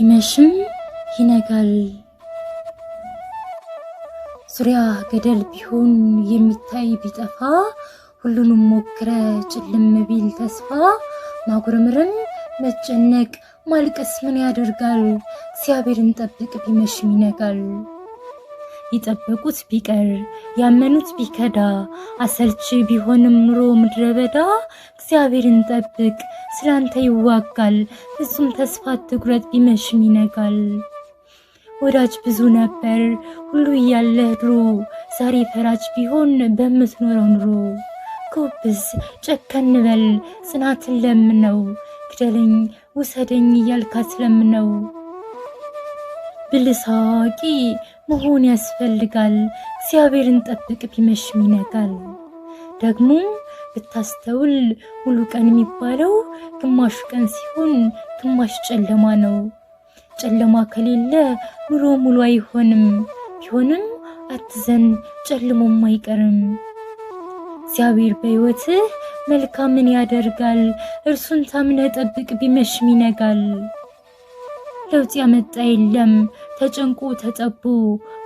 ቢመሽም ይነጋል። ዙሪያ ገደል ቢሆን የሚታይ ቢጠፋ ሁሉንም ሞክረ ጭልም ቢል ተስፋ ማጉረምርም መጨነቅ ማልቀስ ምን ያደርጋል? እግዚአብሔርን ጠብቅ ቢመሽም ይነጋል። የጠበቁት ቢቀር ያመኑት ቢከዳ አሰልቺ ቢሆንም ኑሮ ምድረ በዳ እግዚአብሔርን ጠብቅ፣ ስላንተ ይዋጋል። ፍጹም ተስፋ ትኩረት ቢመሽም ይነጋል። ወዳጅ ብዙ ነበር ሁሉ እያለህ ድሮ፣ ዛሬ ፈራጅ ቢሆን በምትኖረው ኑሮ። ጎብዝ ጨከን በል ጽናትን ለምነው፣ ግደለኝ ውሰደኝ እያልክ አትለምነው። ብልህ አዋቂ መሆን ያስፈልጋል፣ እግዚአብሔርን ጠብቅ ቢመሽም ይነጋል። ደግሞ ብታስተውል ሙሉ ቀን የሚባለው ግማሹ ቀን ሲሆን ግማሽ ጨለማ ነው። ጨለማ ከሌለ ኑሮ ሙሉ አይሆንም። ቢሆንም አትዘን፣ ጨልሞም አይቀርም። እግዚአብሔር በሕይወትህ መልካምን ያደርጋል። እርሱን ታምነህ ጠብቅ፣ ቢመሽም ይነጋል። ለውጥ ያመጣ የለም ተጨንቆ ተጠቦ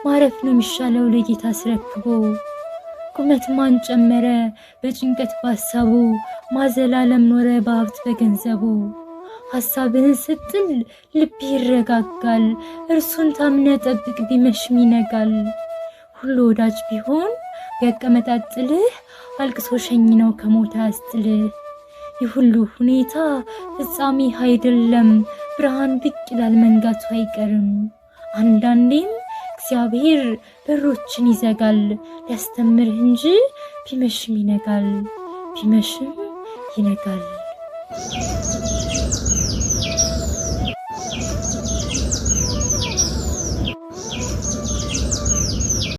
ማረፍ ነው የሚሻለው ለጌታ አስረክቦ ቁመት ማን ጨመረ በጭንቀት ባሳቡ ማዘላለም ኖረ በሀብት በገንዘቡ ሀሳብህን ስትል ልብ ይረጋጋል እርሱን ታምነ ጠብቅ ቢመሽም ይነጋል ሁሉ ወዳጅ ቢሆን ቢያቀመጣጥልህ አልቅሶ ሸኝ ነው ከሞት አያስጥልህ ይህ ሁሉ ሁኔታ ፍጻሜ አይደለም ብርሃን ብቅ ይላል መንጋቱ አይቀርም አንዳንዴም እግዚአብሔር በሮችን ይዘጋል ሊያስተምርህ እንጂ ቢመሽም ይነጋል፣ ቢመሽም ይነጋል።